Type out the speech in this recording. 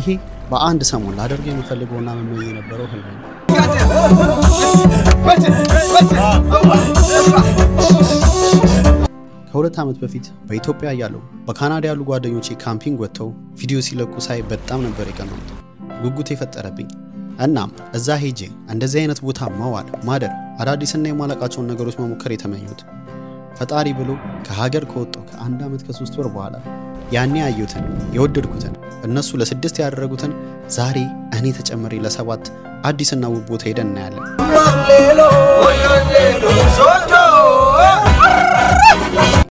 ይሄ በአንድ ሰሞን ላደርግ የምፈልገውና መመኝ የነበረው ህልም ነው። ከሁለት ዓመት በፊት በኢትዮጵያ እያለሁ በካናዳ ያሉ ጓደኞቼ ካምፒንግ ወጥተው ቪዲዮ ሲለቁ ሳይ በጣም ነበር የቀናሁት፣ ጉጉት የፈጠረብኝ። እናም እዛ ሄጄ እንደዚህ አይነት ቦታ መዋል፣ ማደር፣ አዳዲስና የማላቃቸውን ነገሮች መሞከር የተመኙት ፈጣሪ ብሎ ከሀገር ከወጣው ከአንድ ዓመት ከሶስት ወር በኋላ ያኔ ያየሁትን የወደድኩትን እነሱ ለስድስት ያደረጉትን ዛሬ እኔ ተጨምሬ ለሰባት አዲስና ውብ ቦታ ሄደን እናያለን።